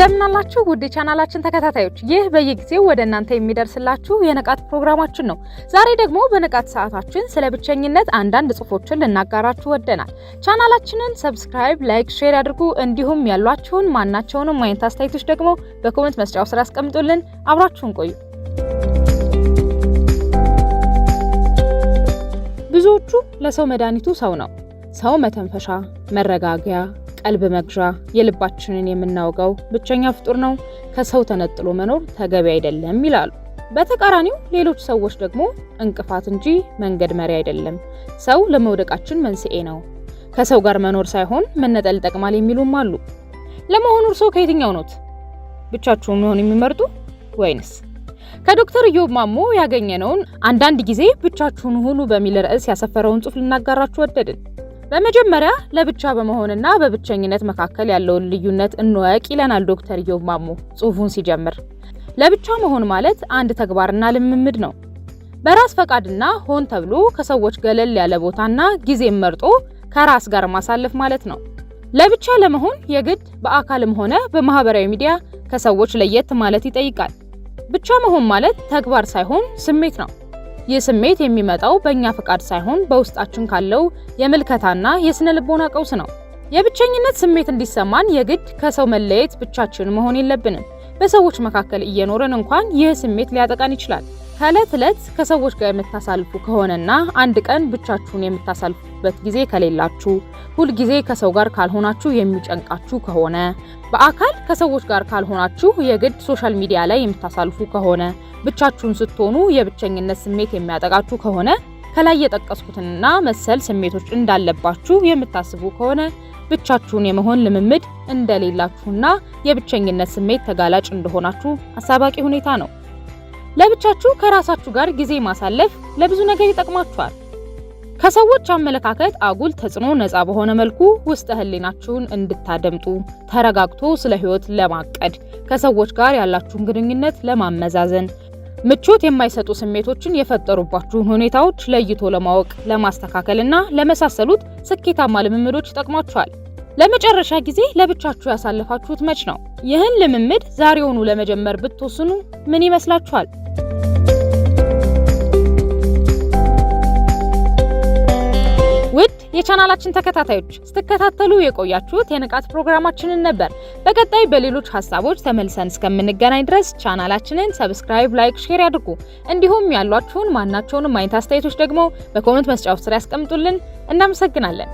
እንደምናላችሁ ውድ ቻናላችን ተከታታዮች ይህ በየጊዜው ወደ እናንተ የሚደርስላችሁ የንቃት ፕሮግራማችን ነው። ዛሬ ደግሞ በንቃት ሰዓታችን ስለ ብቸኝነት አንዳንድ ጽሁፎችን ልናጋራችሁ ወደናል። ቻናላችንን ሰብስክራይብ፣ ላይክ፣ ሼር ያድርጉ። እንዲሁም ያሏችሁን ማናቸውንም አይነት አስተያየቶች ደግሞ በኮመንት መስጫው ስር አስቀምጡልን። አብራችሁን ቆዩ። ብዙዎቹ ለሰው መድኃኒቱ ሰው ነው። ሰው መተንፈሻ፣ መረጋጊያ ቀልብ መግዣ የልባችንን የምናውቀው ብቸኛ ፍጡር ነው፣ ከሰው ተነጥሎ መኖር ተገቢ አይደለም ይላሉ። በተቃራኒው ሌሎች ሰዎች ደግሞ እንቅፋት እንጂ መንገድ መሪ አይደለም፣ ሰው ለመውደቃችን መንስኤ ነው፣ ከሰው ጋር መኖር ሳይሆን መነጠል ይጠቅማል የሚሉም አሉ። ለመሆኑ እርስዎ ከየትኛው ኖት? ብቻችሁን መሆን የሚመርጡ ወይንስ ከዶክተር ኢዮብ ማሞ ያገኘነውን አንዳንድ ጊዜ ብቻችሁን ሁኑ በሚል ርዕስ ያሰፈረውን ጽሑፍ ልናጋራችሁ ወደድን። በመጀመሪያ ለብቻ በመሆንና በብቸኝነት መካከል ያለውን ልዩነት እንወቅ ይለናል ዶክተር ኢዮብ ማሞ ጽሁፉን ሲጀምር። ለብቻ መሆን ማለት አንድ ተግባርና ልምምድ ነው። በራስ ፈቃድና ሆን ተብሎ ከሰዎች ገለል ያለ ቦታና ጊዜም መርጦ ከራስ ጋር ማሳለፍ ማለት ነው። ለብቻ ለመሆን የግድ በአካልም ሆነ በማህበራዊ ሚዲያ ከሰዎች ለየት ማለት ይጠይቃል። ብቻ መሆን ማለት ተግባር ሳይሆን ስሜት ነው። ይህ ስሜት የሚመጣው በእኛ ፍቃድ ሳይሆን በውስጣችን ካለው የምልከታና የስነ ልቦና ቀውስ ነው። የብቸኝነት ስሜት እንዲሰማን የግድ ከሰው መለየት፣ ብቻችን መሆን የለብንም። በሰዎች መካከል እየኖረን እንኳን ይህ ስሜት ሊያጠቃን ይችላል። ከዕለት ዕለት ከሰዎች ጋር የምታሳልፉ ከሆነና አንድ ቀን ብቻችሁን የምታሳልፉ የምትሆኑበት ጊዜ ከሌላችሁ፣ ሁልጊዜ ከሰው ጋር ካልሆናችሁ፣ የሚጨንቃችሁ ከሆነ በአካል ከሰዎች ጋር ካልሆናችሁ፣ የግድ ሶሻል ሚዲያ ላይ የምታሳልፉ ከሆነ፣ ብቻችሁን ስትሆኑ የብቸኝነት ስሜት የሚያጠቃችሁ ከሆነ፣ ከላይ የጠቀስኩትንና መሰል ስሜቶች እንዳለባችሁ የምታስቡ ከሆነ ብቻችሁን የመሆን ልምምድ እንደሌላችሁና የብቸኝነት ስሜት ተጋላጭ እንደሆናችሁ አሳባቂ ሁኔታ ነው። ለብቻችሁ ከራሳችሁ ጋር ጊዜ ማሳለፍ ለብዙ ነገር ይጠቅማችኋል። ከሰዎች አመለካከት አጉል ተጽዕኖ ነፃ በሆነ መልኩ ውስጥ ህሊናችሁን እንድታደምጡ ተረጋግቶ ስለ ህይወት ለማቀድ ከሰዎች ጋር ያላችሁን ግንኙነት ለማመዛዘን ምቾት የማይሰጡ ስሜቶችን የፈጠሩባችሁን ሁኔታዎች ለይቶ ለማወቅ ለማስተካከልና ለመሳሰሉት ስኬታማ ልምምዶች ይጠቅሟችኋል። ለመጨረሻ ጊዜ ለብቻችሁ ያሳለፋችሁት መች ነው? ይህን ልምምድ ዛሬውኑ ለመጀመር ብትወስኑ ምን ይመስላችኋል? የቻናላችን ተከታታዮች ስትከታተሉ የቆያችሁት የንቃት ፕሮግራማችንን ነበር። በቀጣይ በሌሎች ሀሳቦች ተመልሰን እስከምንገናኝ ድረስ ቻናላችንን ሰብስክራይብ፣ ላይክ፣ ሼር ያድርጉ። እንዲሁም ያሏችሁን ማናቸውንም አይነት አስተያየቶች ደግሞ በኮመንት መስጫው ስር ያስቀምጡልን። እናመሰግናለን።